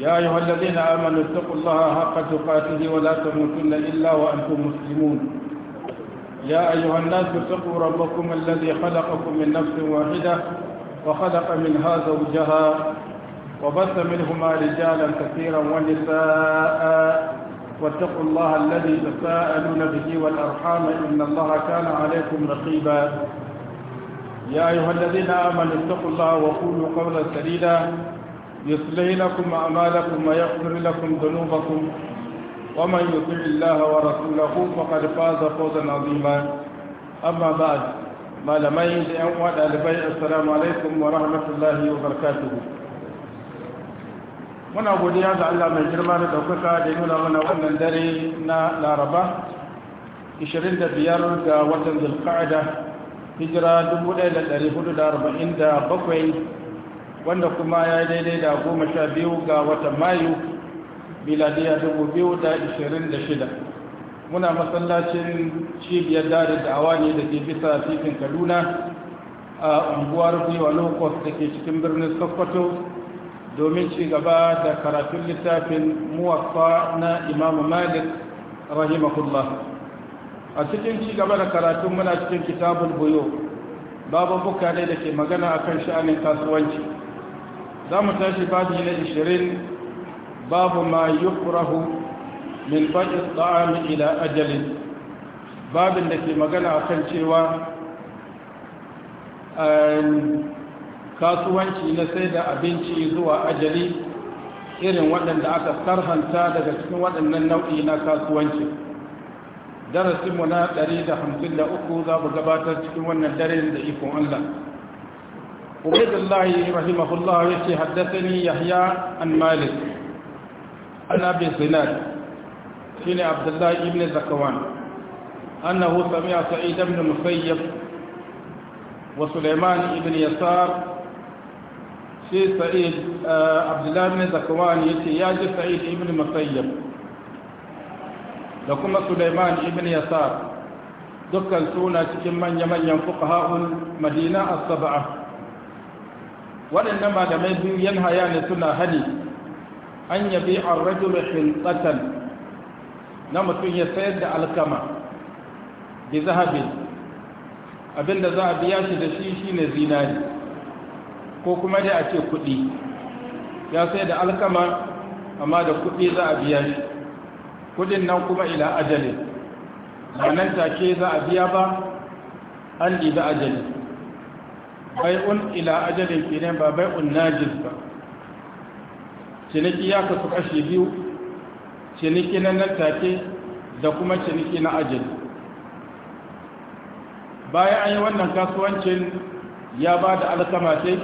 يا أيها الذين آمنوا اتقوا الله حق تقاته ولا تموتن إلا وأنتم مسلمون يا أيها الناس اتقوا ربكم الذي خلقكم من نفس واحدة وخلق منها زوجها وبث منهما رجالا كثيرا ونساء واتقوا الله الذي تساءلون به والأرحام إن الله كان عليكم رقيبا يا أيها الذين آمنوا اتقوا الله وقولوا قولا سديدا يصلح لكم أعمالكم ويغفر لكم ذنوبكم ومن يطع الله ورسوله فقد فاز فوزا عظيما أما بعد ما لمين لأنوال ألبي السلام عليكم ورحمة الله وبركاته من muna godiya ga Allah mai girma da ɗaukaka da nuna mana wannan dare na laraba 25 ga watan zulqa'ada hijira 1447 wanda kuma ya yi daidai da goma sha biyu ga watan mayu miladiya dubu biyu da ishirin da shida muna masallacin cibiyar dare da awa ne da ke bisa titin kaduna a unguwar a lokos da ke cikin birnin sokoto domin ci gaba da karatun littafin muwaffa na imam malik rahimahullah a cikin ci gaba da karatun muna cikin kitabul buyo babu buka da ke magana akan sha'anin kasuwanci za mu tashi babi na 20 babu ma yukrahu min baki ta'ami ila ajalin babin da ke magana kan cewa eh, kasuwanci na sai da abinci zuwa ajali irin waɗanda aka sarhanta daga cikin waɗannan nau'i na kasuwanci darasinmu na 153 za mu gabatar cikin wannan dare da ikon Allah عبيد الله رحمه الله يشي حدثني يحيى عن مالك عن أبي سناد شين عبد الله بن زكوان أنه سمع سعيد بن المسيب وسليمان بن يسار شي سعيد آه، عبد الله بن زكوان يشي سعيد بن المسيب لكم سليمان بن يسار دكان سونا تكمن يمن ينفقها المدينة السبعة waɗannan malamai biyu yan haya ne suna hani an yabi a rajulu hilqatan na mutum ya sayar da alkama bi abinda za a biya shi da shi shine zinari ko kuma dai a ce kuɗi ya sayar da alkama amma da kuɗi za a biya shi kuɗin nan kuma ila ajalin ba nan take za a biya ba an ɗiba ajali bai'un ila ajalin kenan ba bai'un najis ba ciniki ya kasu kashi biyu ciniki na nan da kuma ciniki na ajali bayan an yi wannan kasuwancin ya ba da alkama sai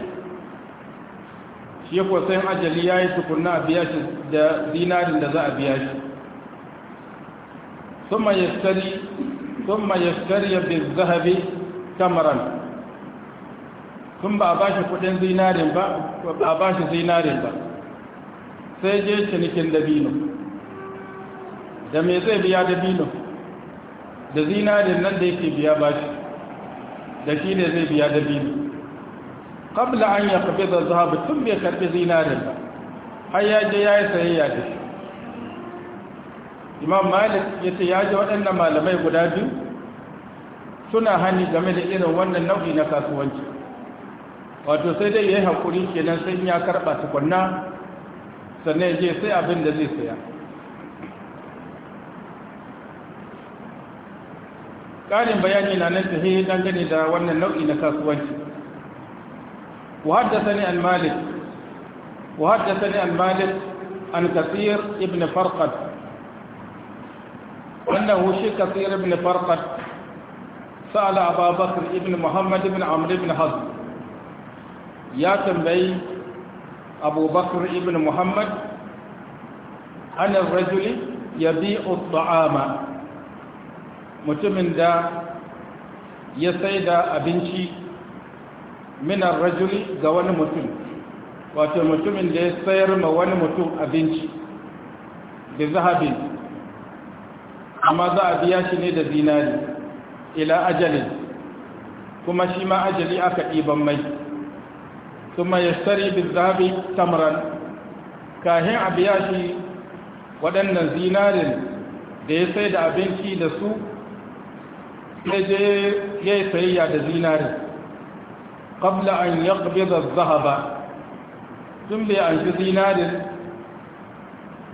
shi ko sayan ajali ya yi tukunna a biya shi da zinarin da za a biya shi sun mayastari sun mayastari ya bi zahabi kamaran tun ba a ba shi kudin zinarin ba ba a ba shi zinarin ba sai je cinikin dabino da me zai biya dabino da zinarin nan da yake biya ba shi da shi ne zai biya dabino kabla an ya kafe da zahabu tun bai karfi zinarin ba har ya je ya yi sayayya da shi imam malik ya ce ya ji waɗannan malamai guda biyu suna hani game da irin wannan nau'i na kasuwanci wato sai dai ya yi haƙuri ke nan sai ya karɓa tukunna sannan je sai abin da zai saya ƙarin bayani na nan ta hiyar dangane da wannan nau'i na kasuwanci wadda sani al-malik wadda sani al-malik an kasir ibn farkat wanda hushe kasir ibn farkat sa'ala ababakar ibn muhammad ibn amur ibn hazm ya tambayi abubakar ibn muhammad ana rajuli ya bi ta'ama mutumin da ya sai da abinci minar rajuli ga wani mutum wato mutumin da ya sayar ma wani mutum abinci da zahabi amma za a biya shi ne da zinari ila ajali kuma shi ma ajali aka ɗiban mai ثم tamran. Kahin a كاهن shi waɗannan zinarin da ya sai da abinci da su ya je ya yi sayayya da zinarin ƙabla an ya ƙabiza zahaba tun bai an shi zinarin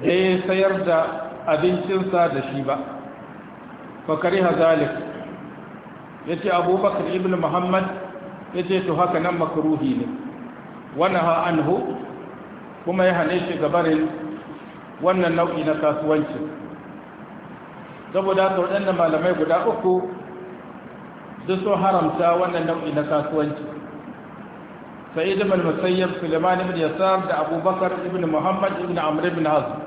da ya sayar da abincinsa da shi ba fakari hazalik ya ce abubakar ibn muhammad ya ce to haka nan makaruhi ne wanaha anhu kuma ya hane shi gabarin wannan nau'i na kasuwanci saboda haka da malamai guda uku duk sun haramta wannan nau'i na kasuwanci sa'id ibn musayyib suleiman ibn yasar da abubakar ibn muhammad ibn amr ibn hazm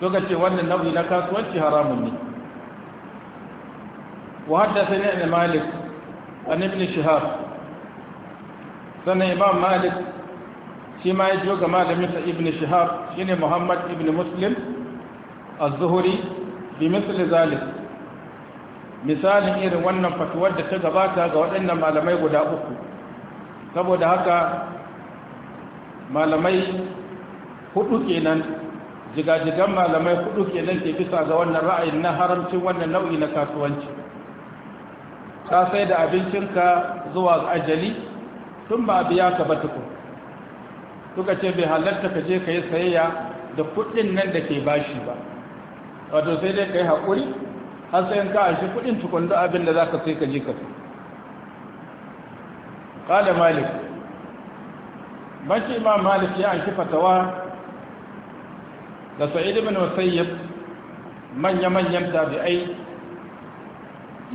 suka ce wannan nau'i na kasuwanci haramun ne wa haddathani ibn malik an ibn shihab sannan imam malik shi ma ya jiyo ga malaminsa ibn shihab shine muhammad ibn muslim az zuhuri bi misli zalik misalin irin wannan fatuwar da ta gabata ga waɗannan malamai guda uku saboda haka malamai hudu kenan jigajigan malamai hudu kenan ke bisa ga wannan ra'ayin na haramcin wannan nau'i na kasuwanci ka sai da abincinka zuwa ajali tun ba biya ka ba tukun suka ce bai halatta ka je ka yi sayayya da kuɗin nan da ke bashi ba wato sai dai ka yi haƙuri har sai ka a shi kuɗin tukun da abin da za ka sai ka je ka fi ƙala malik banci imam malik ya an fatawa da sa'id ibn musayyib manya-manyan tabi'ai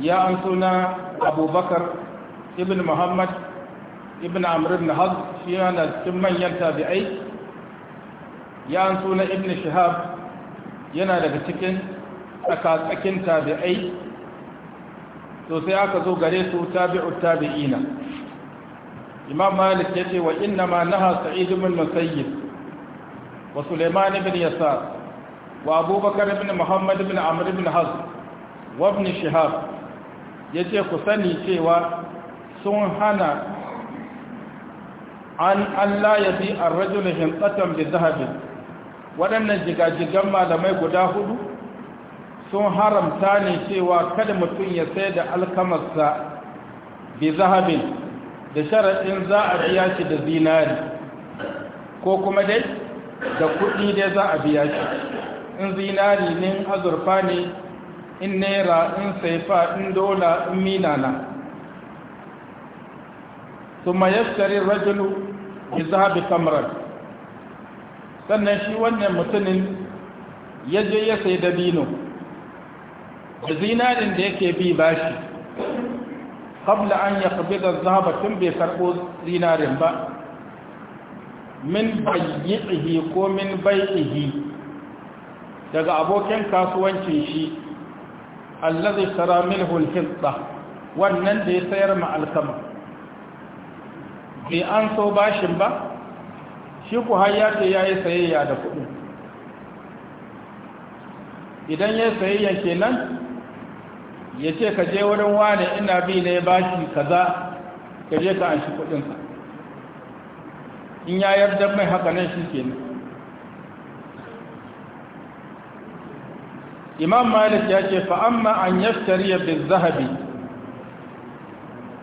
ya an suna abubakar ibn muhammad ibn amr ibn hazm shi yana cikin manyan tabi'ai ya an suna ibn shihab yana daga cikin tsakatsakin tabi'ai to sai aka zo gare su tabi'u tabi'ina imam malik ya ce wa inna ma naha sa'id ibn musayyib wa sulaiman ibn yasar wa abubakar ibn muhammad ibn amr ibn hazm wa ibn shihab ya ce ku sani cewa sun hana an Allah ya bi a rajula himtsatan bi zahabin waɗannan jigajigan malamai guda hudu sun haramta ne cewa kada mutum ya sai da alkamarsa bi zahabin da sharaɗin za a biya shi da zinari ko kuma dai da kuɗi dai za a biya shi in zinari ne azurfa ne in naira in saifa in dola in minana ثم يشتري الرجل بذهب تمرا sannan shi wannan mutumin ya je ya sai dabino da zinarin da yake bi bashi kabla an ya kabi da zaba tun bai karɓo zinarin ba min bayyi'ihi ko min bai'ihi daga abokin kasuwancin shi allazi tara minhu al wannan da ya sayar ma alkama bai an so bashin ba shi ku har ya ce ya yi sayayya da kuɗi idan ya yi sayayya kenan ya ce ka je wurin wane ina bi ne bashi kaza ka je ka an shi kuɗinsa in ya yarda mai haka nan shi kenan imam malik ya ce fa'amma an yaftariya bin zahabi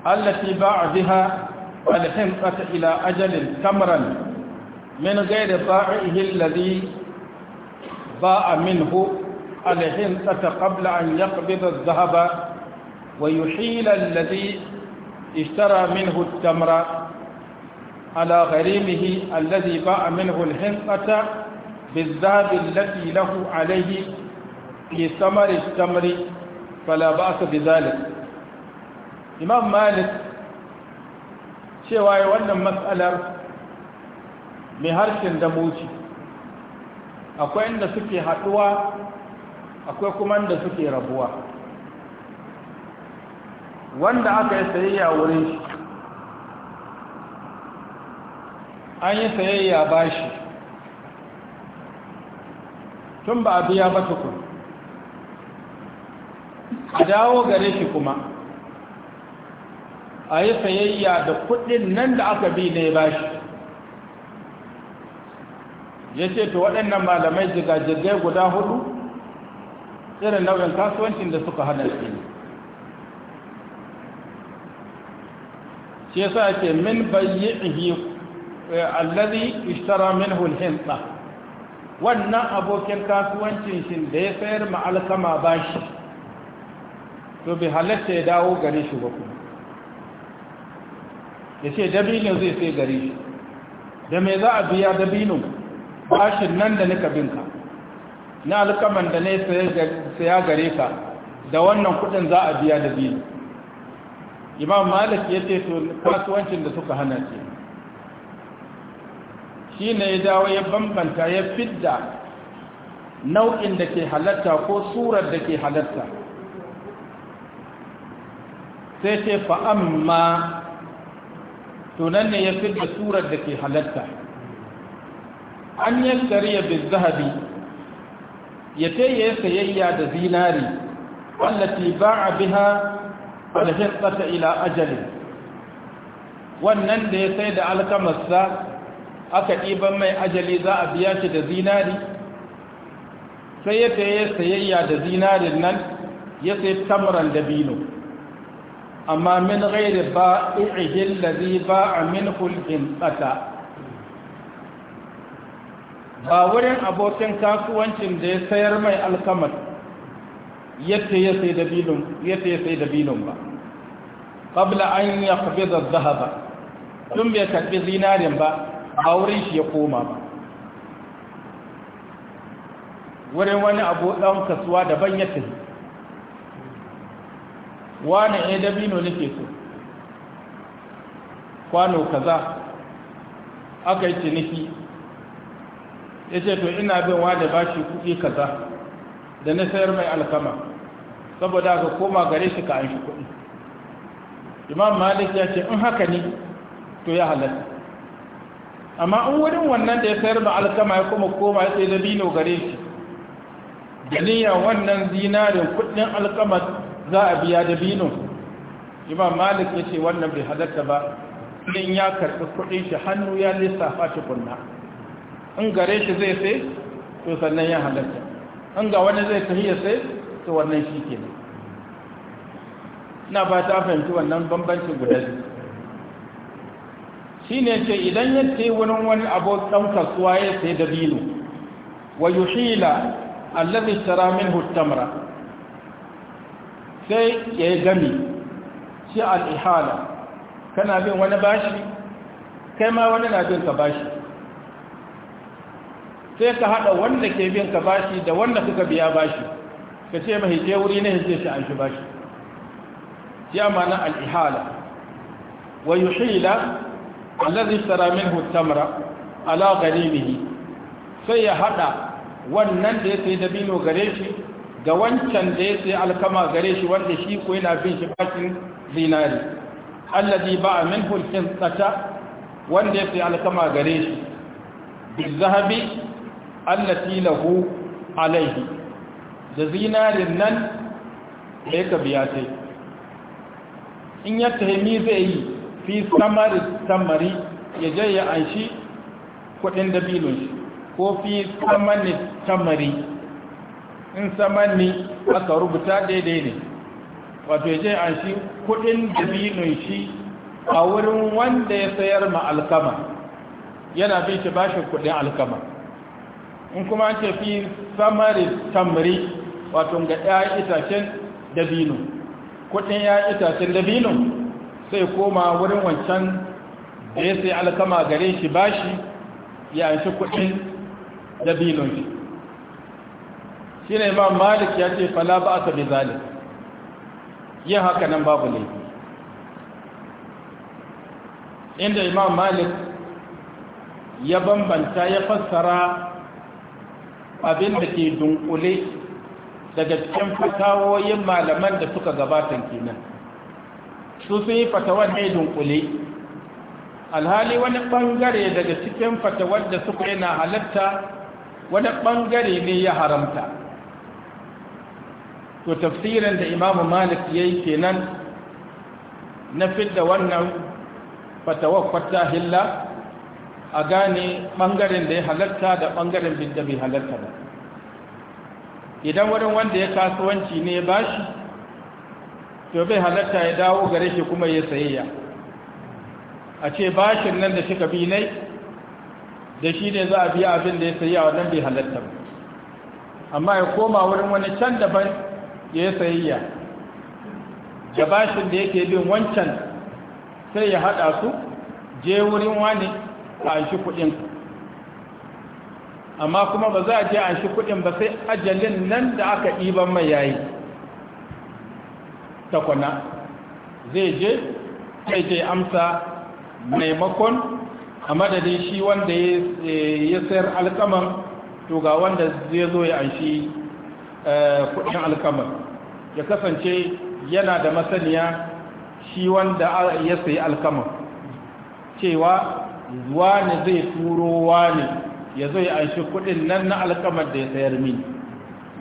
allafi ba a biha الحمقة إلى أجل تمرا من غير طائعه الذي باء منه الحنقة قبل أن يقبض الذهب ويحيل الذي اشترى منه التمر على غريمه الذي باء منه الحنطة بالذهب التي له عليه في ثمر التمر فلا بأس بذلك إمام مالك cewa ya wannan matsalar mai harshen daboci akwai inda suke haɗuwa akwai kuma inda suke rabuwa wanda aka yi sayayya wurin shi an yi sayayya bashi tun ba a biya ba tukun a dawo gare shi kuma a yi sayayya da kudin nan da aka bi ne ba shi ya ce to waɗannan malamai jigajigai guda hudu irin nau'in kasuwancin da suka hana shi ne shi yasa ce min ihi eh, allazi ishtara minhu al ba. wannan abokin kasuwancin shi da ya sayar ma alkama shi to bi halatta ya dawo gare shi ba kuma ya ce dabinin zai sai gare shi da mai za a biya dabinin bashin nan da nika binka na alkaman da ne saya gare ka da wannan kudin za a biya dabinin imam malik ya ce su kasuwancin da suka hana ce shi ne ya dawo ya bambanta ya fidda nau'in da ke halatta ko surar da ke halatta sai ce fa'amma to ne ya fidda surar da ke halatta an yaskariya bin zahabi ya yi ya sayayya da zinari wallafi ba a biha alhirsata ila ajali wannan da ya sai da alkamarsa aka ɗiban mai ajali za a biya shi da zinari sai ya sayayya da zinarin nan ya sai da dabino amma min ghairi ba'ihi allazi ba'a minhu al-himqata ba wurin abokin kasuwancin da ya sayar mai alkamar yadda ya sai dabinun ba ƙabla an ya kafi zazzaha ba tun bai karbi zinarin ba a wurin shi ya koma ba wurin wani abu ɗan kasuwa daban ya tafi wani eh dabino nake so kwano kaza aka yi ciniki ya ce to ina bin wani bashi kuɗi kaza da na sayar mai alkama saboda ka koma gare shi ka an shi kuɗi imam malik ya ce in haka ne to ya halatta amma in wurin wannan da ya sayar mai alkama ya kuma koma ya sai dabino gare shi da niyyar wannan zinarin kuɗin alkamar za a biya bino imam malik ya ce wannan bai halatta ba in ya karɓi kuɗin shi hannu ya lissafa kunna. in gare shi zai sai to sannan ya halatta in ga wani zai tafi ya sai to wannan shi ke na ba ta fahimci wannan bambancin guda shi ne ce idan ya ce wani wani abokan kasuwa ya sai bino wa yushila allazi tara min hutamra. sai ya yi gami shi al'ihala kana bin wani bashi kai ma wani na bin ka bashi sai ka haɗa wanda ke bin ka bashi da wanda suka biya bashi ka ce mai je wuri na hije shi an shi bashi shi na al'ihala wa yi hila allazi tsara min hutamra ala ganimihi sai ya haɗa wannan da ya sai dabino gare shi ga wancan da ya sai alkama gare shi wanda shi ko yana bin shi bakin zinari alladhi ba'a min hulkin tsata wanda ya sai alkama gare shi zahabi allati lahu alaihi da zinarin nan da ya biya sai in ya tahimi zai yi fi samari samari ya je ya anshi kudin dabilun shi ko fi samani samari in ni aka rubuta daidai ne wato je an shi kudin dabinun shi a wurin wanda ya sayar ma alkama yana bin shi bashin kudin alkama in kuma an ce fi samari tamri wato ga ya itacen dabinu kudin ya itacen dabinu sai koma wurin wancan da ya sayi alkama gare shi bashi ya shi kudin dabinun shi shine imam malik ya ce fala ba aka bi zalim yin haka nan babu laifi inda imam malik ya bambanta ya fassara abin da ke dunkule daga cikin fatawoyin malaman da suka gabatan kenan su sun yi fatawar mai dunkule alhali wani bangare daga cikin fatawar da suka yana halatta wani bangare ne ya haramta to tafsirin da imamu malik ya yi kenan na fidda wannan fatawar kwata hilla a gane ɓangaren da ya halarta da ɓangaren da bai halarta ba idan wurin wanda ya kasuwanci ne ba shi to bai halarta ya dawo gare shi kuma ya sayayya a ce bashin nan da shika bi nai da shi ne za a biya abin da ya sayayya wannan bai halarta ba amma ya koma wurin wani can daban ya yi sayayya da da yake bin wancan sai ya haɗa su je wurin wani a shi kuɗin amma kuma ba za a je a shi kuɗin ba sai ajalin nan da aka ɗiban mai yayi takwana zai je sai je amsa maimakon a madadin shi wanda ya sayar alkaman to ga wanda zai zo ya anshi Eh, kudin alkamar ya kasance yana da masaniya shi wanda ya sayi alkamar cewa wani zai turo wani ya zai anshi kudin nan na alkamar da ya sayar mini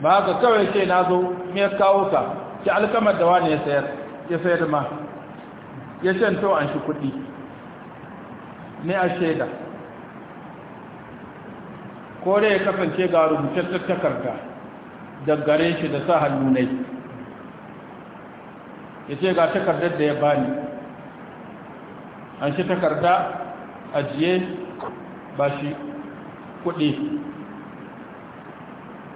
ba ka kawai ce na zo mai kawo ka ki alkamar da wani ya sayar ma ya to an shi kudi ne a shaida ko dai ya kasance ga rubutattun takarda daggare shi da sa hannu ne ya ce ga takardar da ya bani an shi takarda ajiye ba shi kuɗi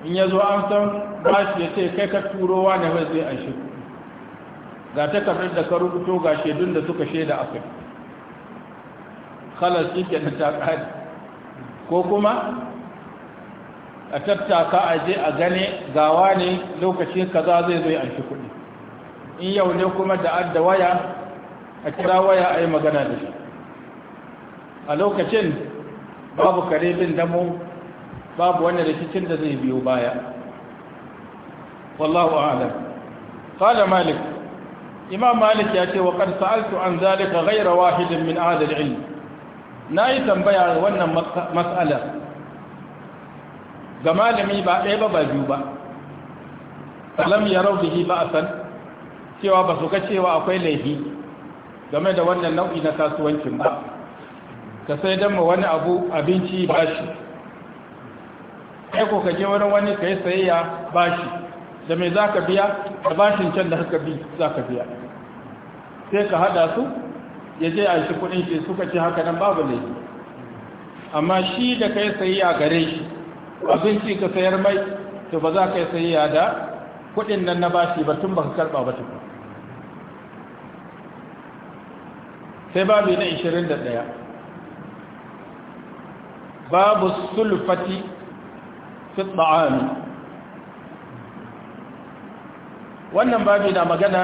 in ya zo an san ba shi ya ce kai ka turowa ne wai zai an shi ga takardar da ka rubuto ga shaidun da suka shaida a kai halar shi ke ta ko kuma a tattaka a je a gane gawa ne lokacin kaza zai zai an kuɗi in yau ne kuma da adda waya a kira waya a yi magana da shi a lokacin babu karibin bin babu wani rikicin da zai biyo baya wallahu a'lam qala malik imam malik ya ce wa qad sa'altu an zalika ghayra wahidin min ahli Na yi nayi tambaya wannan mas'alar ga malami ba ɗaya ba ba biyu ba salam ya rau bihi ba a san cewa ba su ga cewa akwai laifi game da wannan nau'i na kasuwancin ba ka sai don mu wani abu abinci ba shi ko ka je wani wani ka yi sayayya ba shi da mai za ka biya da bashin can da haka bi za ka biya sai ka hada su ya je a shi kudin shi suka ce haka nan babu laifi amma shi da kai sayi a gare shi abinci ka sayar mai to ba za ka yi sayayya da kuɗin nan na bashi ba tun ba ka karɓa ba tukun sai babu na 21 babu sulfati fi ta'ami wannan babu na magana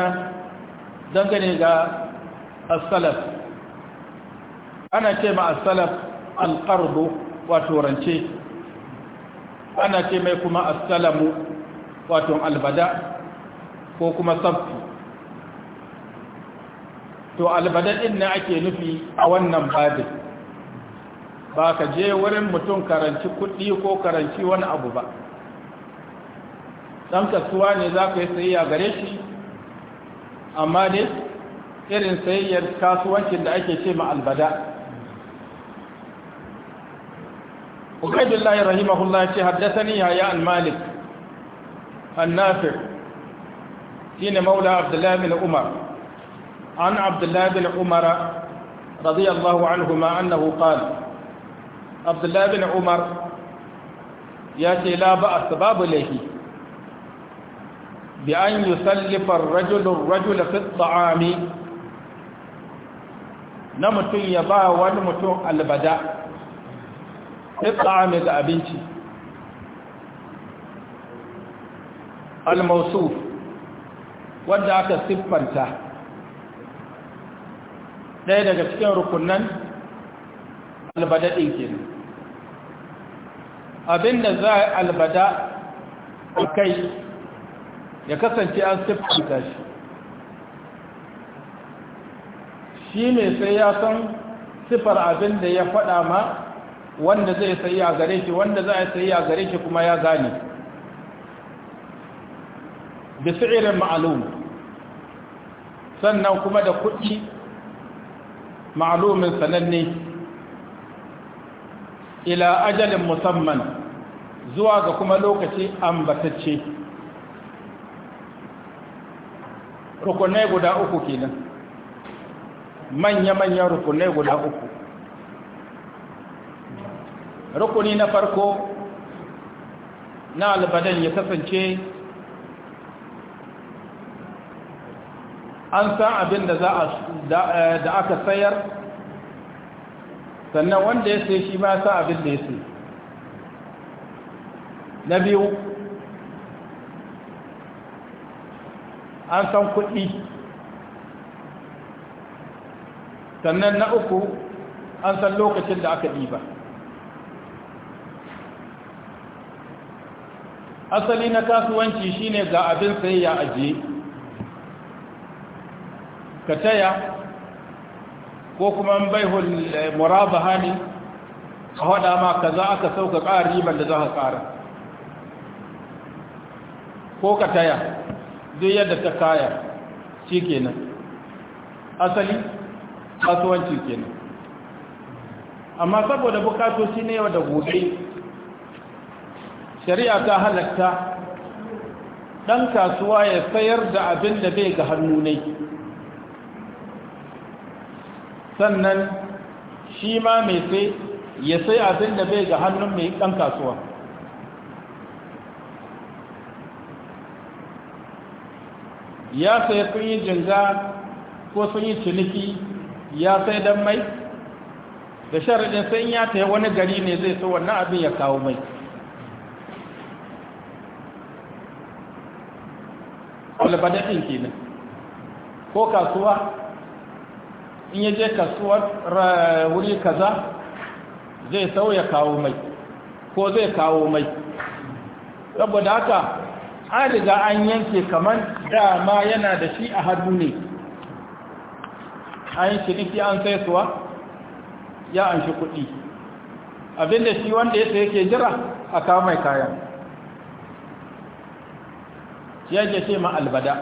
dangane ga asalaf ana ce ma asalaf alƙarbo wato rance ana ce mai kuma assalamu wato albada ko kuma safi to albada din ne ake nufi a wannan babin ba ka je wurin mutum karanci kuɗi ko karanci wani abu ba ɗan kasuwa ne za ka yi sayayya gare shi amma dai irin sayayyar kasuwancin da ake ce ma albada عبيد الله رحمه الله حدثني يا المالك النافع حين مولى عبد الله بن عمر عن عبد الله بن عمر رضي الله عنهما أنه قال عبد الله بن عمر ياتي لا بأس باب له بأن يسلف الرجل الرجل في الطعام نمت يبا ونمت البداء ɗa'ami ga abinci al-mausuf wanda aka siffanta ɗaya daga cikin rukunan albadaɗin ke abinda za a albada a kai ya kasance an siffanta shi shi mai sai ya san siffar abinda ya faɗa ma wanda zai sayi a gare shi wanda za a sayi a gare shi kuma ya gani da fi'irin ma'alum sannan kuma da kuɗi ma'alumin sananne ila ajalin musamman zuwa ga kuma lokaci ambatacce rukunai guda uku kenan manya-manyan rukunai guda uku rukuni na farko na albadan ya kasance an san abin da da aka sayar sannan wanda ya sai shi ma sa abin da ya sai na biyu an san kuɗi sannan na uku an san lokacin da aka ɗiba asali na kasuwanci shine ga abin sai ya ajiye ka taya ko kuma bai eh, muraba ne ka hada ma kaza aka sauka ƙara riban da za ka ƙara ko ka taya duk yadda ta kaya shi kenan asali kasuwanci kenan amma saboda bukatoci ne yau da gobe shari'a ta halatta ɗan kasuwa ya sayar da abin da bai ga hannu ne sannan shi ma mai sai ya sai abin da bai ga hannun mai ɗan kasuwa ya sai sun yi jinga ko sun yi ciniki ya sai don mai da sharaɗin sai ya ta wani gari ne zai so wannan abin ya kawo mai wani kenan ko kasuwa in yaje kasuwar wuri kaza zai sauya kawo mai ko zai kawo mai saboda haka an riga an yanke kamar dama yana da shi a hannu ne an ciniki an saisuwa ya an shi kuɗi abinda shi wanda ya yake jira a kawo mai kayan ya je ce ma albada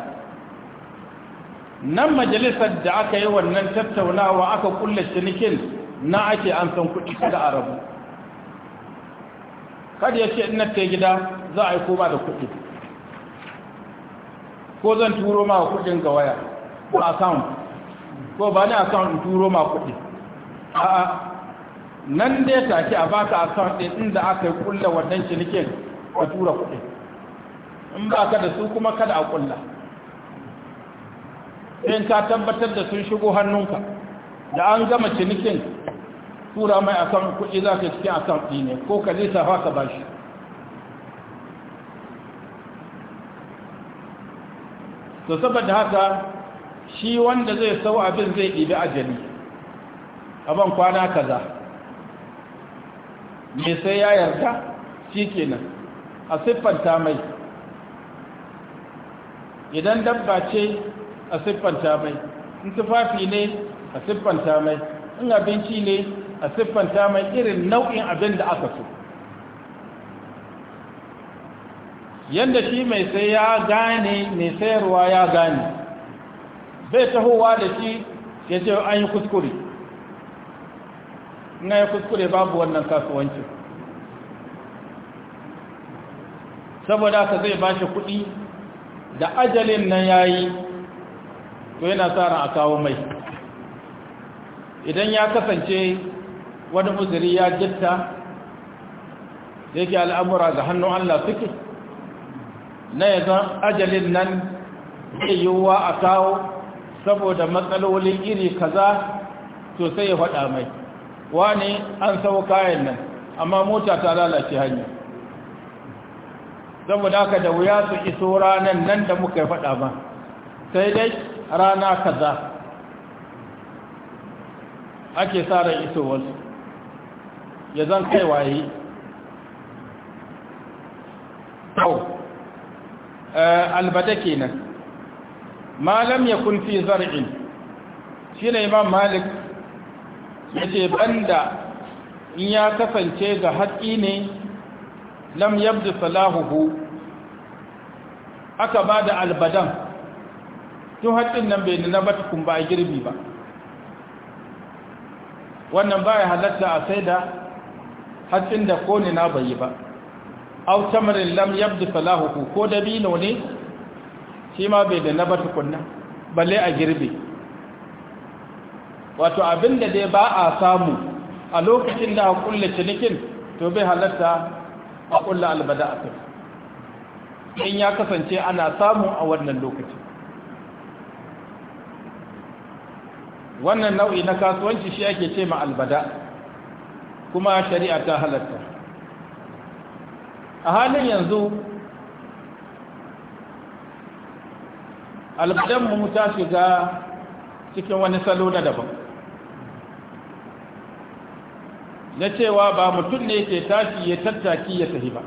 nan majalisar da aka yi wannan tattaunawa aka kulle cinikin na ake an san kuɗi kada a rabu kada ya ce ina ta gida za a yi koma da kuɗi ko zan turo ma kuɗin ga waya ko account ko ba ni account in turo ma kuɗi a'a nan dai take a baka account ɗin inda aka yi kulle wannan cinikin ka tura kuɗi in ba ka da su kuma kada a kulla in ka tabbatar da sun shigo hannunka da an gama cinikin tura mai akan kuɗi za ka cikin akan ne ko ka lisa safa ka bashi to saboda haka shi wanda zai sau abin zai ɗibi ajali abin kwana kaza me sai ya yarda shi kenan a siffanta mai idan dabba ce a siffanta mai in tufafi ne a siffanta mai in abinci ne a siffanta mai irin nau'in abin da aka so yadda shi mai sai ya gane mai sayarwa ya gane zai tahowa da shi ya ce an yi kuskure in ya kuskure babu wannan kasuwanci. saboda ka zai bashi shi kuɗi da ajalin nan ya yi to yana sa ran a kawo mai idan ya kasance wani uzuri ya jitta da yake al'amura ga hannun Allah suke na yanzu ajalin nan yiwuwa a kawo saboda matsalolin iri kaza to sai ya faɗa mai wani an sau kayan nan amma mota ta lalace hanyar saboda haka da wuya su iso ranar nan da muka faɗa ba sai dai rana kaza ake tsara ran wasu ya zan kai waye tau eh, kenan malam ya kunfi zar'in shi ne imam malik ya ce banda in ya kasance ga haƙi ne lam yabdu salahuhu aka ba da albadan tun haɗin nan bai nuna ba tukun ba a girbi ba wannan ba ya halatta a sai da haɗin da kone na bai yi ba au tamarin lam yabdu salahuhu ko dabino ne shi ma bai da na ba balle a girbi wato abin da dai ba a samu a lokacin da a kulle cinikin to bai halatta a kulla albada a kai in ya kasance ana samu a wannan lokacin wannan nau'i na kasuwanci shi ake ce ma albada kuma shari'a ta halatta a halin yanzu albadanmu ta shiga cikin wani salo na daban na cewa ba mutum ne ke tashi ya tattaki ya tafi ba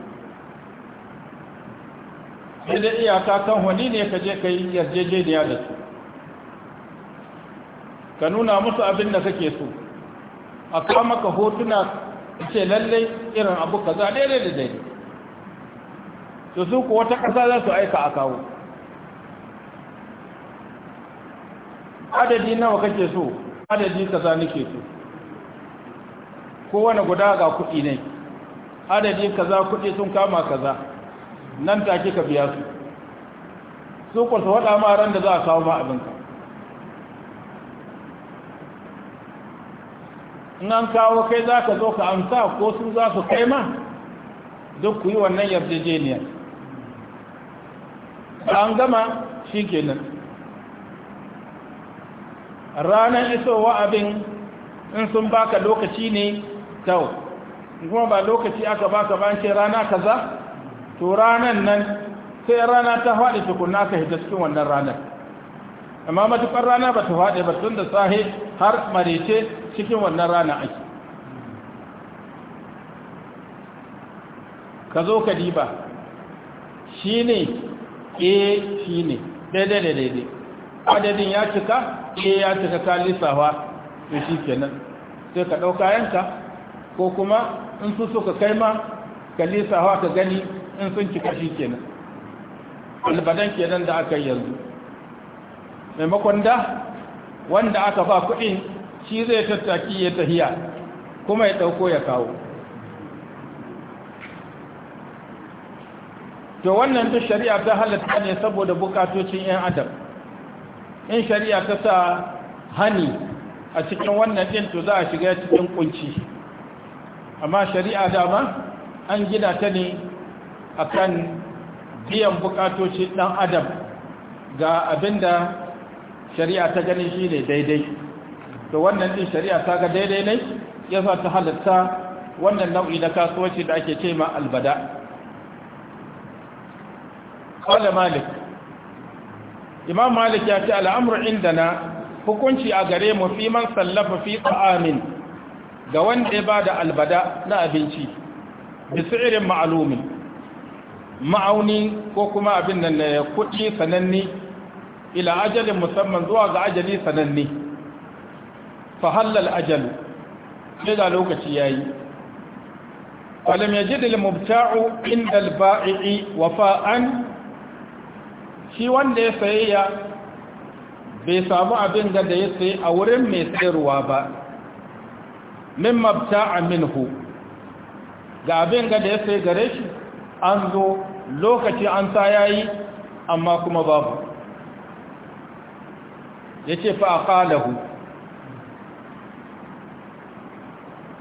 sai da iyaka kan wani ne ka je ka yi yarjejeniya da su ka nuna musu abin da kake so a kawo maka hotuna ce lallai irin abu za daidai da daidai su su kuwa ta ƙasa za su aika a kawo adadi nawa kake so adadi kaza nake so kowane guda ga kuɗi ne adadi kaza kuɗi sun kama kaza nan take ka biya su su ku su da za a kawo ma abinka kawo kai za ka zo ka amsa ko su za su kai ma duk ku yi wannan yarjejeniyar an gama shi kenan ranar isowa abin in sun baka lokaci ne tau kuma ba lokaci aka baka ba ce rana kaza to ranan nan sai rana ta faɗi tukunna ka hita cikin wannan ranar amma matuƙar rana ba ta faɗi ba tun da sahe har marece cikin wannan rana ake ka zo ka diba shi ne e shi ne daidai daidai adadin ya cika e ya cika ka lissawa to shi kenan sai ka ɗauka yanka ko kuma in sun so ka kai ma kalli hawa ka gani in sun ci kashi kenan albadan kenan da aka yanzu maimakon da wanda aka ba kuɗin shi zai tattaki ya tahiya kuma ya ɗauko ya kawo to wannan duk shari'a ta halatta ne saboda bukatocin 'yan adam in shari'a ta sa hani a cikin wannan ɗin to za a shiga cikin kunci amma shari'a dama an gina ta ne kan biyan bukatoci ɗan adam ga abinda shari'a ta gani shi ne daidai da wannan din shari'a ta ga daidai ne ya sa ta halatta wannan nau'i na kasuwanci da ake ce ma albada qala malik imam malik ya ce inda indana hukunci a gare mu fi man sallafa fi ta'amin ga wanda ya ba da albada na abinci bisa irin ma'alumi ma'auni ko kuma abin nan na kuɗi sananni ila ajalin musamman zuwa ga ajali sananni fahallal ajalu sai da lokaci ya yi falam ya jidil mubta'u inda alba'i'i wafa'an shi wanda ya sayayya bai samu abin da ya sayi a wurin mai sayarwa ba min mabta'a minhu ga abin ga da ya sai gare shi an zo lokaci an sa yayi amma kuma babu yace fa aqalahu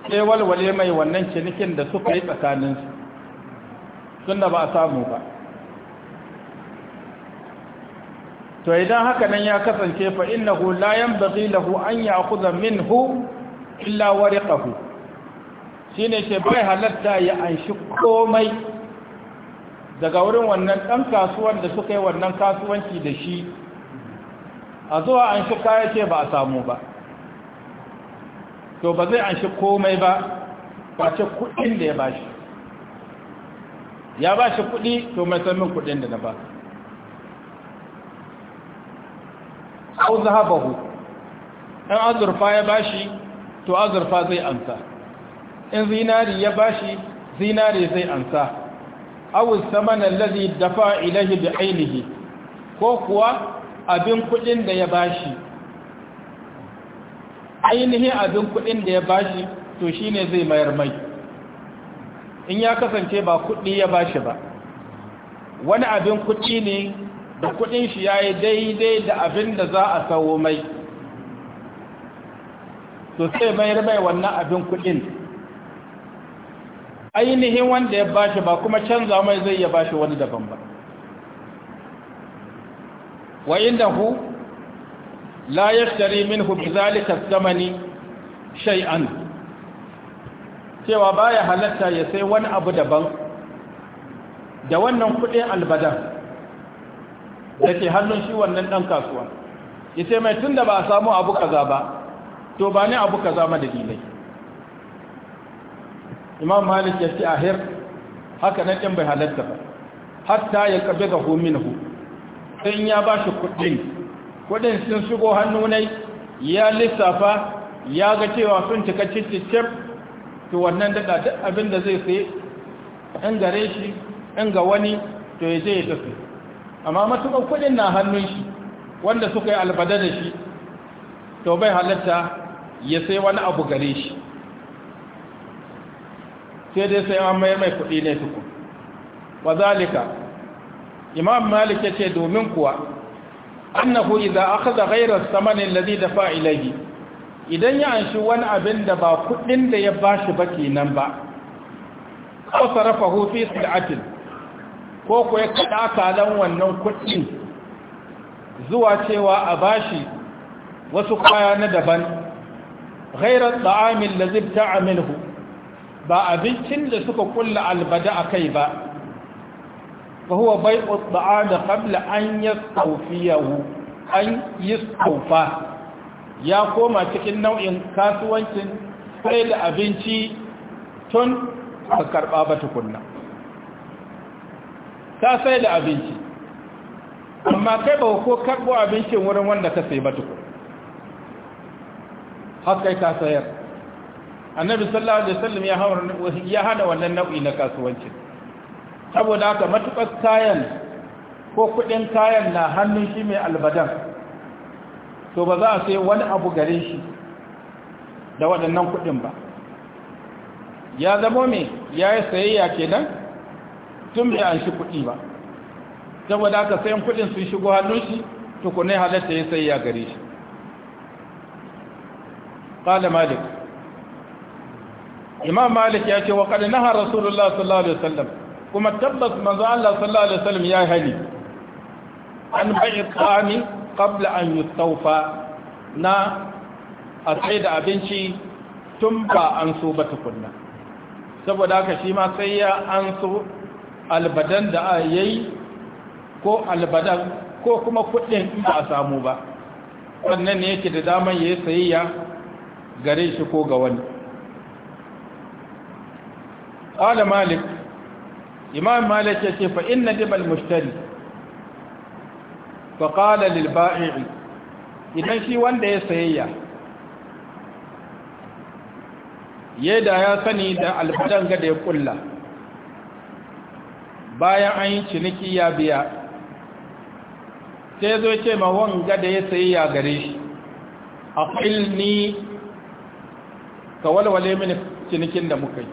sai walwale mai wannan cinikin da suka yi tsakaninsu tunda ba a samu ba to idan haka nan ya kasance fa innahu la yanbaghi lahu an ya'khudha minhu illa Shi shine ce bai halatta ya anshi komai daga wurin wannan ɗan kasuwan da suka yi wannan kasuwanci da shi a zuwa an shi kaya ce ba a samu ba to ba zai an shi komai ba ce kudin da ya ba shi ya ba shi kudi to mai samin kudin da na ba au zahabahu ɗan azurfa ya bashi. to azurfa zai ansa in zinari ya bashi zinari zai ansa awul saman allazi dafa ilahi bi ainihi ko kuwa abin kudin da ya bashi ainihin abin kudin da ya bashi to shine zai mayar mai in ya kasance ba kudi ya bashi ba wani abin kudi ne da kudin shi yayi daidai da abin da za a sawo mai to sai mayar mai wannan abin kuɗin ainihin wanda ya bashi ba kuma canza mai zai ya bashi wani daban ba wa inda hu la yashtari minhu bi zalika zamani shay'an cewa baya halatta ya sai wani abu daban da wannan kudin albadan da ke hannun shi wannan dan kasuwa ya ce mai tun da ba a samu abu kaza ba to ba ne abu kaza madadi dalilai imam malik ya ce ahir haka na ɗin bai halatta ba hatta ya kabe ga hominhu in ya ba shi kuɗin kuɗin sun shigo hannu ne ya lissafa ya ga cewa sun cika cicicip to wannan daga duk abin da zai sai in gare shi in ga wani to ya je ya tafi amma matuƙar kuɗin na hannun shi wanda suka yi albada da shi to bai halatta ya sai wani abu gare shi sai dai sai an mai mai kuɗi ne tukun wa zalika imam malik ya ce domin kuwa annahu idza akhadha ghayra as-saman alladhi dafa ilayhi idan ya anshi wani abin da ba kuɗin da ya bashi ba kenan ba aw sarafahu fi sil'atin ko ko ya kada kalan wannan kuɗin zuwa cewa a bashi wasu kaya na daban ghairar da'amin da zibta aminhu ba abincin da suka kulla albada a kai ba ba huwa bai da kabla an yi tsaufiyahu an yi tsaufa ya koma cikin nau'in kasuwancin sai da abinci tun a karɓa ba tukunna ta sai da abinci amma kai ba ko karɓo abincin wurin wanda ka sai ba tukunna har kai ka sayar annabi sallallahu alaihi wasallam ya hawar ya hana wannan nau'i na kasuwanci saboda haka matukar kayan ko kudin kayan na hannun shi mai albadan to ba za a sai wani abu gare shi da waɗannan kudin ba ya zamo mai ya yi sayayya kenan tun bai an shi kudi ba saboda haka sayan kudin sun shigo hannun shi tukunai halatta ya sayayya gare shi qala malik imam malik ya ce wa qad naha rasulullah sallallahu alaihi wasallam kuma tabbas manzo Allah sallallahu alaihi wasallam ya hani an bai qami qabla an yustawfa na a tsaye da abinci tun ba an so ba tukunna saboda haka shi ma sai ya an so albadan da a yayi ko albadan ko kuma kuɗin in ba a samu ba wannan ne yake da daman yayi sayayya gare shi ko ga wani ƙala malik imam malik ya ce fa inna dibal mushtari fa ƙala lil idan shi wanda ya sayayya yadda ya sani da albadan gada ya kulla bayan an yi ciniki ya biya sai zo ce ma wanga da ya sayayya gare shi a ka walwale mini cinikin da muka yi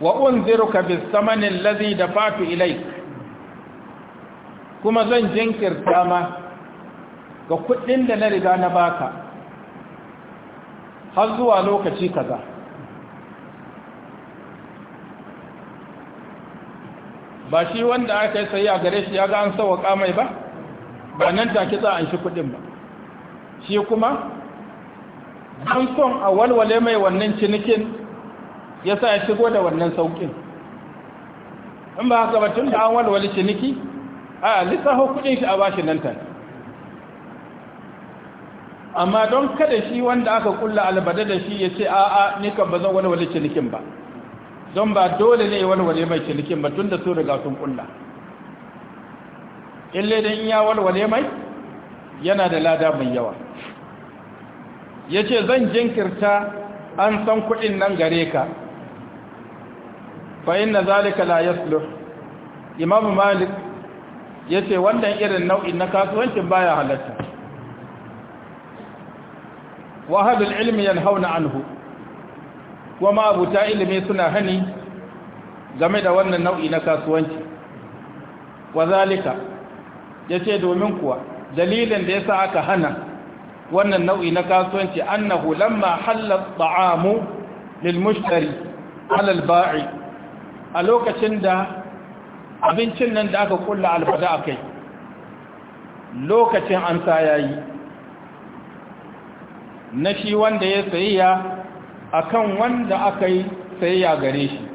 wa unziruka bis Lazi da fafi ilai kuma zan jinkirta ma ga kuɗin da na riga na baka har zuwa lokaci kaza ba shi wanda aka yi sayi a gare shi ya ga an sauwaƙa mai ba ba nan take za a shi kuɗin ba shi kuma don son a walwale mai wannan cinikin ya sa ya shigo da wannan saukin in ba haka batun da an walwale ciniki a lissaho kudin shi a bashi nan ta amma don kada shi wanda aka kulla albada da shi ya ce a'a ni kan ba zan walwale cinikin ba don ba dole ne walwale mai cinikin ba tun da su riga sun kulla in dan in ya walwale mai yana da lada mai yawa ya ce zan jinkirta an san kuɗin nan gare ka fa'in na zalika la yaslu imamu malik ya ce wannan irin nau'in na kasuwancin baya halatta wahadul ilmi yan hauna anhu kuma abuta ilimi suna hani game da wannan nau'i na kasuwanci wa zalika ya ce domin kuwa dalilin da ya sa aka hana wannan nau'i na kasuwanci annahu lamma halla ta'amu lil mushtari ala al-ba'i a lokacin da abincin nan da aka kulla albada akai lokacin an sa yayi na shi wanda ya sayayya akan wanda aka yi sayayya gare shi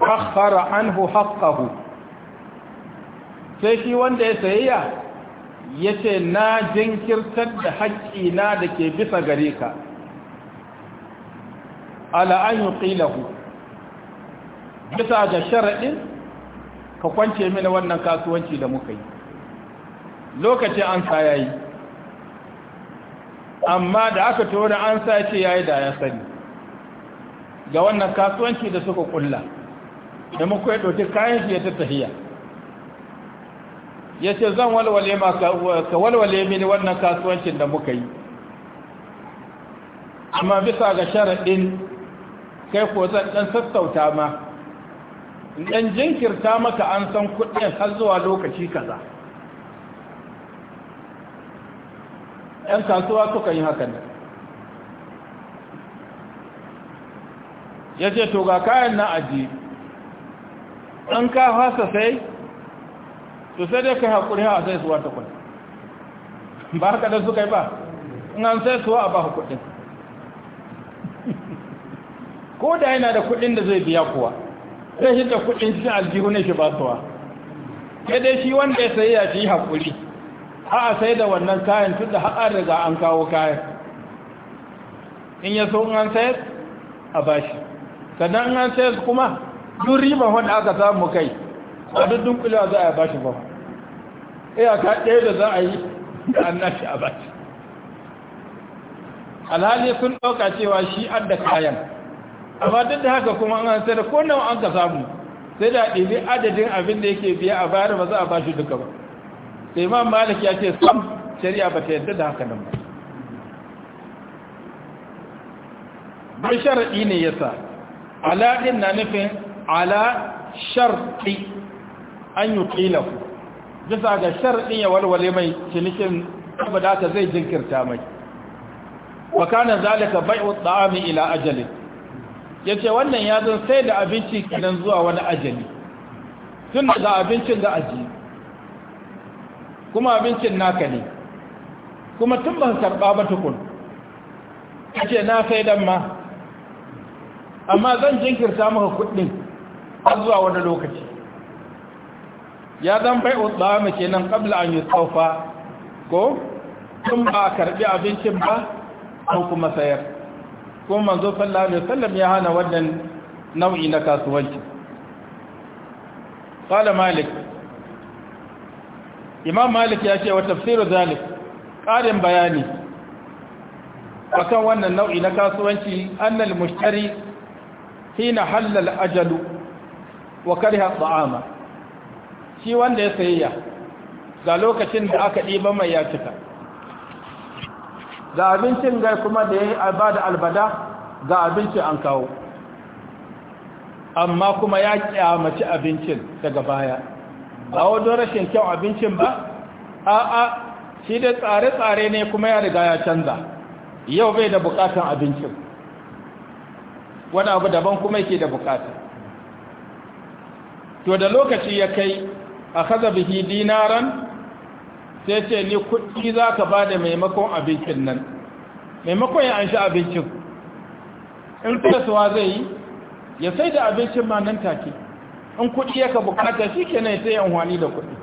akhara anhu haqqahu sai shi wanda ya sayayya ya ce na jinkirtar da haƙƙina da ke bisa gare ka ala an yi ƙilahu bisa ga sharaɗin ka kwance mini wannan kasuwanci da muka yi lokacin an sa ya yi amma da aka tori an sa ce ya yi da ya sani ga wannan kasuwanci da suka ƙulla da muka yi ɗauki kayan shi ya ta ya ce zan walwale ka walwale mini wannan kasuwancin da muka yi amma bisa ga sharaɗin kai ko zan ɗan sassauta ma ɗan jinkirta maka an san kuɗin har zuwa lokaci kaza ɗan kasuwa suka yi hakan ya ce to ga kayan na aji ɗan ka fasa sai to sai dai kai hakuri a sai suwa ta kuɗi ba haka da suka yi ba nan sai suwa a ba hakuri ko da yana da kuɗin da zai biya kuwa zai da kuɗin cikin aljihu ne shi ba suwa sai dai shi wanda ya sayi ya ci hakuri a sai da wannan kayan tun da haɗar riga an kawo kayan in ya so in an sayar a bashi sannan in an sayar kuma duk riba wanda aka samu kai a duk dunkulewa za a bashi ba iyaka ɗaya da za a yi da annashi a baki alhali sun ɗauka cewa shi an da kayan amma duk da haka kuma an sai da kowanne an ka samu sai da ɗibi adadin abin da yake biya a bayar ba za a bashi duka ba sai ma malik ya ce sam shari'a ba ta yadda da haka nan ba bai sharaɗi ne yasa ala ɗin na nufin ala sharaɗi an yi ku bisa ga sharɗin ya walwale mai cinikin saboda zai jinkirta mai wa kana zalika bai'u ta'ami ila ajali yace wannan ya zo sai da abinci kidan zuwa wani ajali tun da abincin da aji kuma abincin naka ne kuma tun ban karba ba tukun kace na sai dan ma amma zan jinkirta maka kuɗin har zuwa wani lokaci ya zan bai utsama kenan qabla an yutawfa ko kun ba karbi abincin ba ko kuma sayar ko manzo sallallahu alaihi wasallam ya hana wannan nau'i na kasuwanci qala malik imam malik ya ce wa tafsiru zalik ƙarin bayani akan wannan nau'i na kasuwanci annal mushtari hina halal ajalu wa kariha ta'ama shi wanda ya sayayya ga lokacin da aka ɗiba mai ya cika ga abincin gai kuma da ya yi ba da albada ga abincin an kawo amma kuma ya kyamaci abincin daga baya ba wadon rashin kyau abincin ba a'a shi da tsare-tsare ne kuma ya riga ya canza yau bai da bukatan abincin wani abu daban kuma yake da bukata to da lokaci ya kai akaza bihi dinaran sai ce ni kuɗi za ka ba da maimakon abincin nan maimakon ya anshi abincin in kasuwa zai yi ya sai da abincin ma nan take in kuɗi ya ka bukata shi ke nan sai yanwani da kuɗi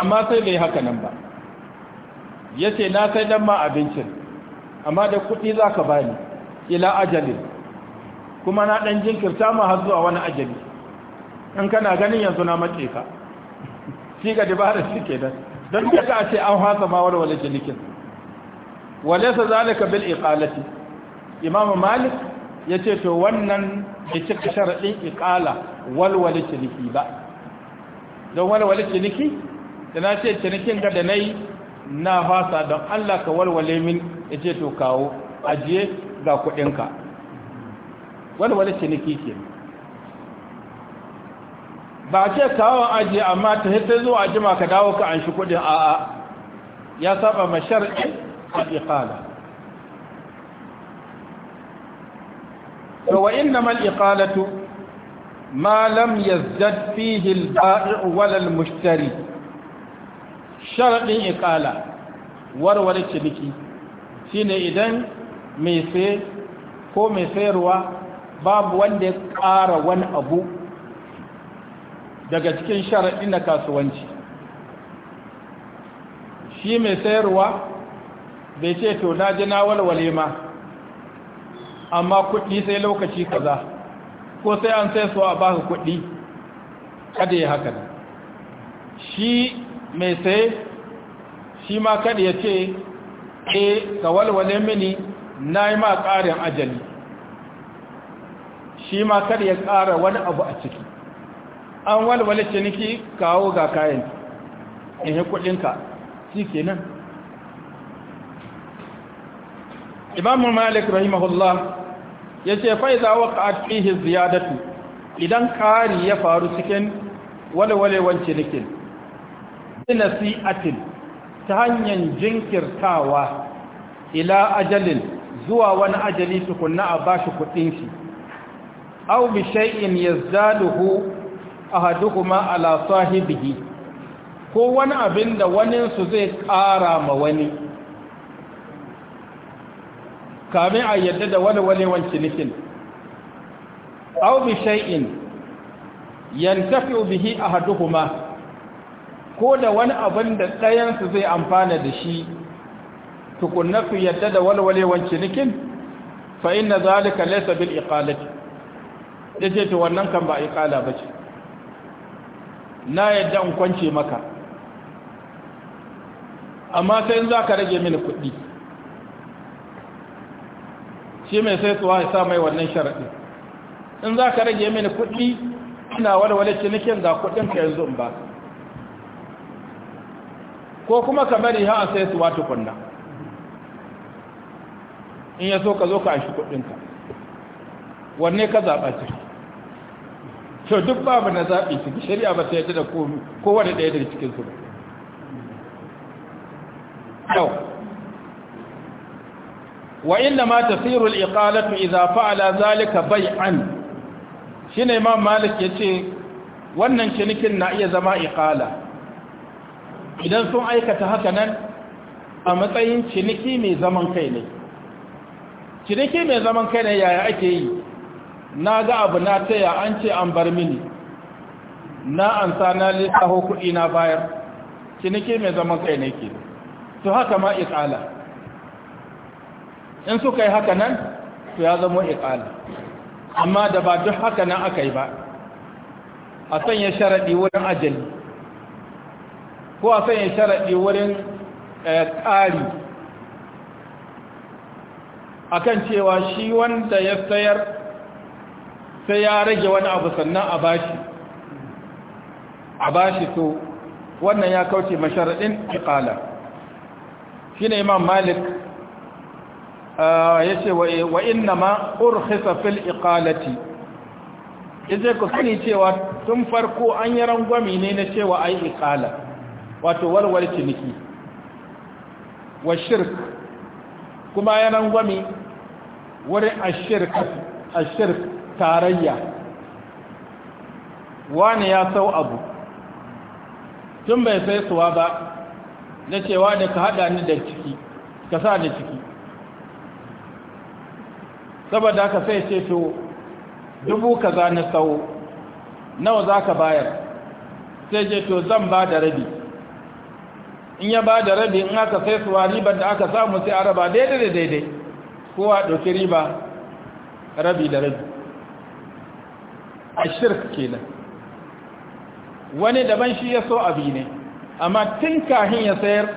amma sai bai haka nan ba ya ce na sai dan ma abincin amma da kuɗi za ka ba ni ila ajalin kuma na ɗan jinkirta ma har zuwa wani ajali in kana ganin yanzu na mace ka shi ga dabara shi ke da don ka ta ce an hasa ma walwale cinikin walaysa zalika bil iqalati imam malik yace to wannan ya cika sharadin iqala walwale ciniki ba don walwale ciniki da na ce cinikin ga da nayi na hasa don Allah ka walwale min yace to kawo ajiye ga kuɗinka walwale ciniki kenan ba ce kawo aji amma ta hita zuwa jima ka dawo ka an shi kudin a'a ya saba ma shar'in al ikala to wa inna mal iqalatu ma lam yazdad fihi al-ba'i' wala al-mushtari iqala warware ciniki shine idan mai sai ko mai sayarwa babu wanda ya kara wani abu daga cikin sharaɗi na kasuwanci shi mai sayarwa bai ce to na ji na walwale ma amma kuɗi sai lokaci kaza ko sai an sai su a baka kuɗi kada ya haka shi mai sai shi ma kada ya ce e ka walwale mini na yi ma ƙarin ajali shi ma kada ya ƙara wani abu a ciki an walwale ciniki kawo ga kayan in kudinka shi kenan imamu malik rahimahullah ya ce faiza waka a fihe ziyadatu idan kari ya faru cikin walwalewan cinikin binasi'atin ta hanyar jinkirtawa ila ajalin zuwa wani ajali tukunna a bashi kudin shi au bi shay'in yazdaluhu ahaduhuma ala sahibihi ko wani abin da waninsu zai ƙara ma wani kame a yadda da wani walewan cinikin au bi shay'in yantafi bihi ahaduhuma ko da wani abin da ɗayansu zai amfana da shi tukunna su yadda da wancin cinikin fa inna zalika laysa bil iqalati ce to wannan kan ba iqala bace na yadda in kwance maka amma sai za ka rage mini kuɗi shi mai sai tsuwa ya sa mai wannan sharaɗi in za ka rage mini kuɗi ina walwale cinikin ga kuɗin ka yanzu in ba ko kuma ka bari ha a sai tsuwa tukunna in ya so ka zo ka aishi kuɗinka wanne ka zaɓa ciki to duk babu na zaɓi ki shari'a ba ta yadda da kowane ɗaya daga cikin su yau wa inna ma tasirul iqalatu idza fa'ala zalika bai'an shine imam malik yace wannan cinikin na iya zama iqala idan sun aikata haka nan a matsayin ciniki mai zaman kai ne ciniki mai zaman kai ne yaya ake yi na ga abu na taya an ce an bar mini na an sa na lissaho kuɗi na bayar ciniki mai zaman kai ne ke to haka ma iƙala in suka yi haka nan to ya zama iƙala amma da ba duk haka nan aka yi ba a sanya sharaɗi wurin ajali ko a sanya sharaɗi wurin eh, ƙari akan cewa shi wanda ya sayar sai ya rage wani abu sannan a bashi a bashi to wannan ya kauce masharaɗin iqala shi ne imam malik uh, ya ce wa inna ma urkhisa fil iqalati yace ku sani cewa tun farko an yi rangwami ne na cewa ai iqala wato walwal ciniki wa shirk kuma ya rangwami wurin a shirk. tarayya wani ya sau abu tun bai sai suwa ba na cewa da ka haɗa ni da ciki ka sa da ciki saboda ka sai ce to dubu za ni sau nawa za ka bayar sai ce to zan ba da rabi in ya ba da rabi in aka sai suwa ribar da aka samu sai a raba daidai da daidai kowa ɗauki riba rabi da rabi a shirk kenan wani daban shi ya so abi ne amma tun kahin ya sayar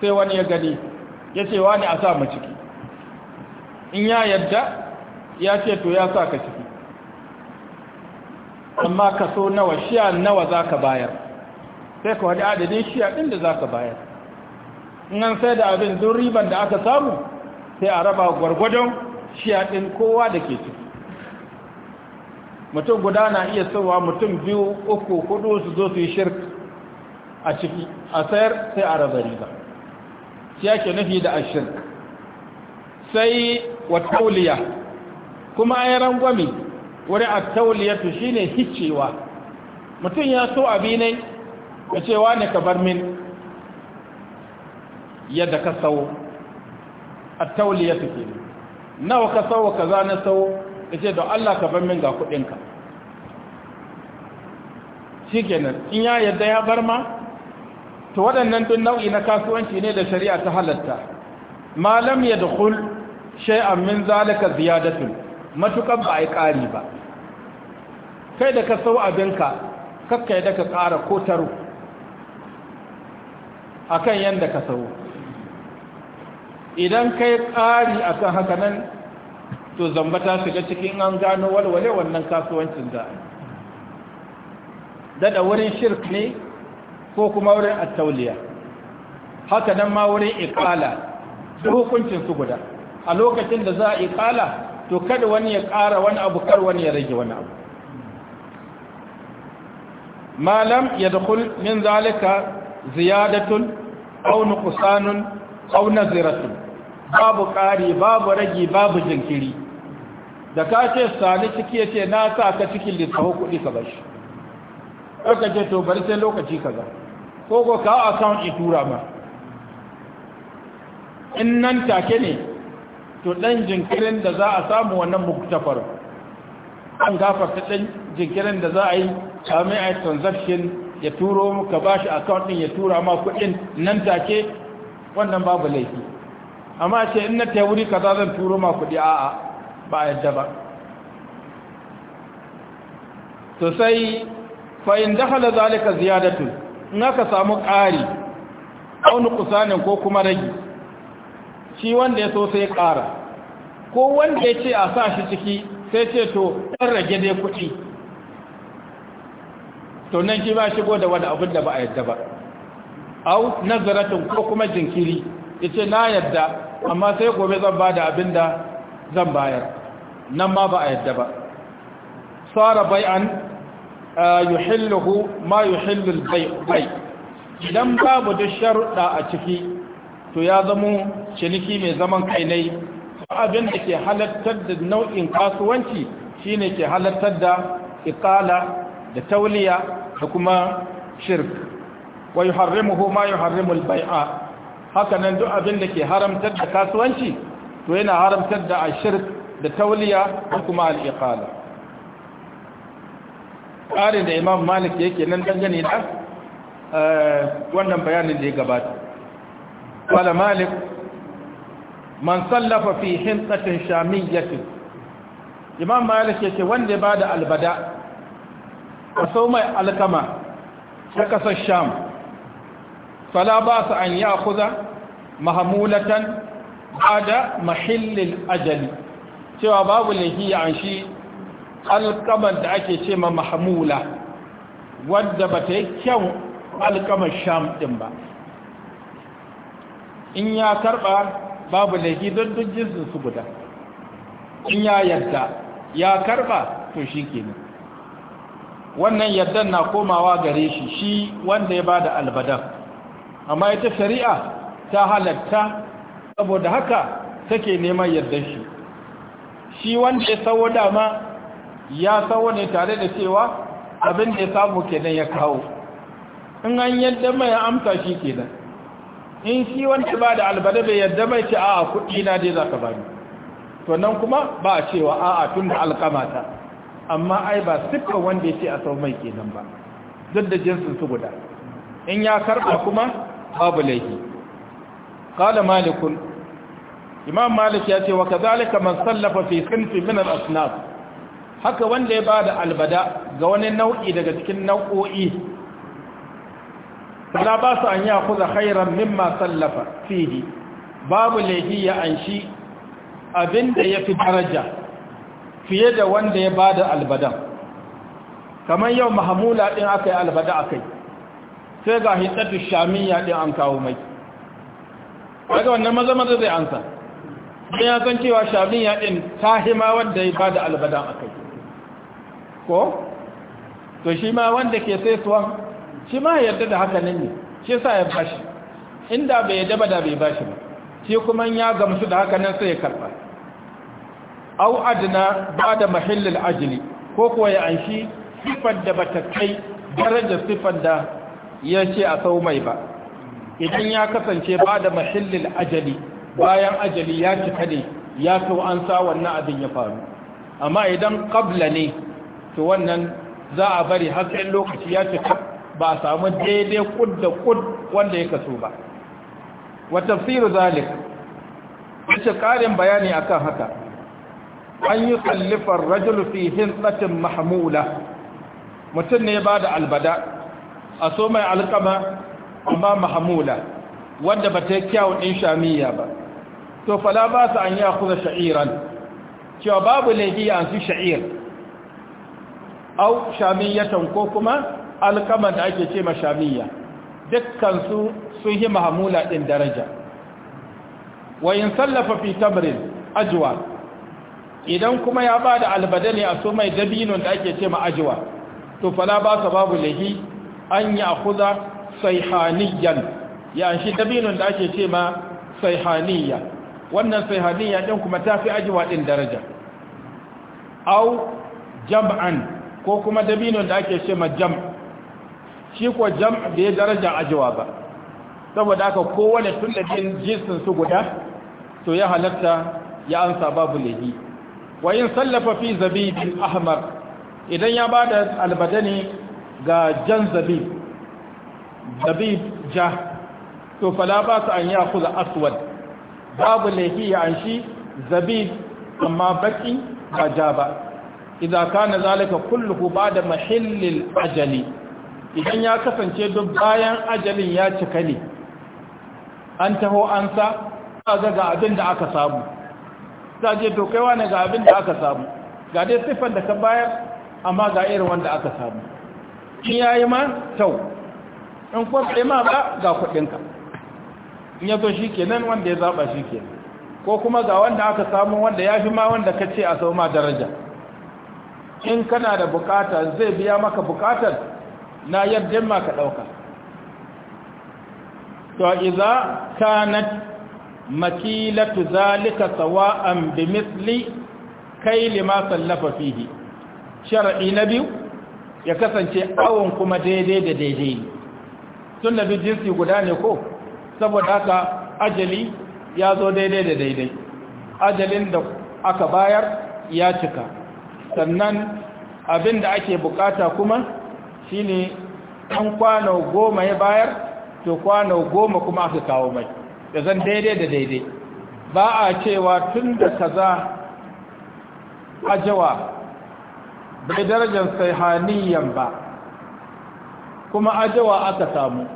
sai wani ya gani ya ce wani a sa mu ciki in ya yadda ya ce to ya sa ka ciki amma ka so nawa shiya nawa za ka bayar sai ka wani adadin shiya ɗin da za ka bayar in an sai da abin don riban da aka samu sai a raba gwargwadon shiya ɗin kowa da ke ciki mutum guda na iya sowa mutum biyu uku hudu su zo su yi shirk a ciki a sayar sai a raba riba shi yake nufi da ashirk sai wa tauliya kuma ayi rangwami wuri a tauliyatu shine hicewa mutum ya so abi ne ya ce ne ka bar min yadda ka sau a tauliyatu ke nawa ka sau kaza na sau ya ce don Allah ka ban min ga kudinka shi kenan in ya yarda ya bar ma to waɗannan duk nau'i na kasuwanci ne da shari'a ta halatta malam ya dukul shay'an min zalika ziyadatun matukan ba a yi ƙari ba kai da ka sau abinka kakkai da ka ƙara ko taro a kan yadda ka sau idan kai ƙari akan kan hakanan to zamba ta shiga cikin an gano walwale wannan kasuwancin da dada wurin shirk ne ko kuma wurin attauliya haka nan ma wurin ikala su hukuncin su guda a lokacin da za a ikala to kada wani ya ƙara wani abu kar wani ya rage wani abu malam ya dukul min zalika ziyadatun au nuqsanun au naziratun babu ƙari babu rage babu jinkiri da ka ce sani ciki ya ce na sa ka cikin littafi kuɗi ka bashi ɗauka ce to bari sai lokaci ka ko ko ka a i tura ma in nan take ne to ɗan jinkirin da za a samu wannan muktafar an gafarta ɗan jinkirin da za a yi sami a transaction ya turo ka ba shi account ɗin ya tura ma kuɗin nan take wannan babu laifi amma ce in na ta wuri za zan turo ma kuɗi a'a ba yadda ba to sai fa in dakhala zalika ziyadatu in aka samu ƙari aunu kusanin ko kuma ragi shi wanda ya so sai ƙara ko wanda ya ce a sa shi ciki sai ce to ɗan rage dai kuɗi to nan shi ba shigo da wani abin da ba a yadda ba au nazaratun ko kuma jinkiri ya ce na yadda amma sai gobe zan ba da abin da zan bayar nan ma ba a yadda ba tsara bai'an yuhilluhu ma yuhillul bai idan babu duk sharuɗa a ciki to ya zamo ciniki mai zaman kainai. ne abin da ke halattar da nau'in kasuwanci shine ke halattar da ikala da tauliya da kuma shirk wa yuharrimuhu ma yuharrimul bai'a haka nan duk abin da ke haramtar da kasuwanci to yana haramtar da ashirk da tauliya da kuma al’iƙala. ƙari da imam malik yake nan dangane da eh, wannan bayanin da ya gabata ƙwala Malik. man sallafa fi hintatin shamiyyatin imam malik yake wanda ba da albada sau mai alkama ta kasar sham sala ba su an ya kuza mahamulatan ba da mahillin ajali cewa babu lahiya an shi alƙamar da ake ce ma mahamula wadda ba ta yi kyau alƙamar sham ɗin ba in ya karɓa babu lahi don duk jinsin su guda in ya yadda ya karɓa to shi ke ne wannan yardan na komawa gare shi shi wanda ya ba da albadan amma ita shari'a ta halatta saboda haka take neman yardar shi shi wanda ya sawo dama ya sawo ne tare da cewa abin da ya samu kenan ya kawo in an yadda mai amsa shi kenan in shi wanda ba da albada bai yadda mai ce a kuɗi na dai za ka ni to nan kuma ba a cewa a'a tun da alkamata amma ai ba siffar wanda ya ce a sau mai kenan ba duk da jinsin su guda in ya karɓa kuma babu laifi قال مالك imam malik ya ce wa kazalika man sallafa fi sinfi min al-asnaf haka wanda ya bada albada ga wani nau'i daga cikin nau'o'i la ba su an ya kuza khairan mimma sallafa fihi babu laifi ya anshi abinda yafi daraja fiye da wanda ya bada albada kamar yau mahamula din akai albada akai sai ga hitsatu shamiyya din an kawo mai daga wannan maza maza zai ansa don ya san cewa ya ɗin ta hima wanda ya ba da albadan a kai ko? to shi ma wanda ke sai suwan shi ma yarda da haka nan ne shi sa ya bashi inda bai yadda ba da bai bashi ba shi kuma ya gamsu da haka nan sai ya karɓa au adina ba da mahallin ajili ko kuwa ya anshi siffar da bata kai darajar siffar da ya ce a sau mai ba idan ya kasance ba da mahallin ajali bayan ajali ya cika ne ya so an sa wannan abin ya faru amma idan kabla ne to wannan za a bari har sai lokaci ya cika ba a samu daidai kud da kud wanda ya kaso ba wa tafsiru zalik wace karin bayani akan haka an yi kallifar rajul fi hintsatin mahmula mutum ne ba da albada a so mai alkama amma mahmula wanda ba ta kyawun in shamiya ba to fala ba su an yi a akuza sha'iran cewa babu laifi an su sha'ir au shamiyyatan ko kuma alkaman da ake ce ma shamiyya dukkansu sun yi mahamula ɗin daraja wayin sallafa fi tamrin ajiwa idan kuma ya ba da albadani a su mai dabinon da ake ce ma ajwa, to fala ba su babu laifi an yi a akuza saihaniyan ya shi dabinon da ake ce ma saihaniya wannan sahabiyya din kuma ta fi ajiwa ɗin daraja au jam'an ko kuma dabinon da ake ce ma jam shi ko jam da ya daraja ajiwa ba saboda haka kowane tullabin jinsin su guda to ya halatta ya ansa babu lehi Wayin sallafa fi zabibin ahmar idan ya bada albadani ga jan zabib zabib ja to fala ba su an ya kuza aswad babu laifi ya anshi zabib amma baki ba ja ba idza kana zalika kulluhu ba'da mahillil ajali idan ya kasance duk bayan ajalin ya cika ne an taho an sa ga ga abin da aka samu je to kaiwa ne ga abin da aka samu ga dai siffar da ka bayar amma ga irin wanda aka samu in yayi ma kyau in kwaɗe ma ba ga kuɗinka in ya zo shi kenan wanda ya zaɓa shi kenan ko kuma ga wanda aka samu wanda ya fi ma wanda ka ce a sau ma daraja in kana da bukata zai biya maka bukatar na yadda ma ka ɗauka to iza kanat makilatu zalika sawa'an bi misli kai lima sallafa fihi shar'i na biyu ya kasance awon kuma daidai da daidai tun bi jinsi guda ne ko saboda haka ajali ya zo daidai da daidai ajalin da aka bayar ya cika sannan abin da ake bukata kuma shine an kwano goma ya bayar to kwano goma kuma aka kawo mai da zan daidai da daidai ba a cewa tun da kaza ajawa bai darajar sai haniyan ba kuma ajawa aka samu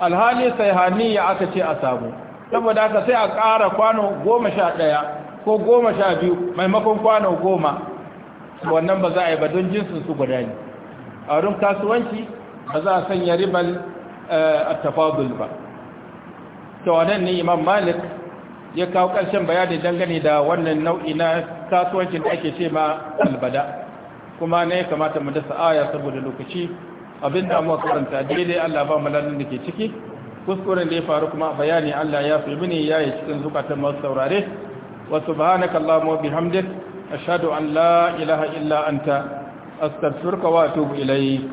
alhali ya aka ce a samu saboda haka sai a ƙara kwano goma sha ɗaya ko goma sha biyu maimakon kwano goma wannan ba za a yi ba don jinsin su guda ne a wurin kasuwanci ba za a sanya ribar eh, a tafadul ba ta wannan ne imam malik ya kawo ƙarshen bayani dangane da wannan nau'i na kasuwancin da ake ce ma albada kuma ne kamata mu dasa aya saboda lokaci abin da muka faranta daidai Allah ba mu da ke ciki kuskuren da ya faru kuma bayani Allah ya fi muni ya yi cikin zukatan masu saurare wa subhanaka allahumma wa bihamdik ashhadu an la ilaha illa anta astaghfiruka wa atubu ilayk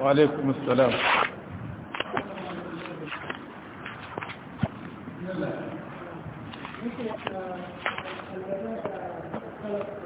wa ala'ikum salam Thank you.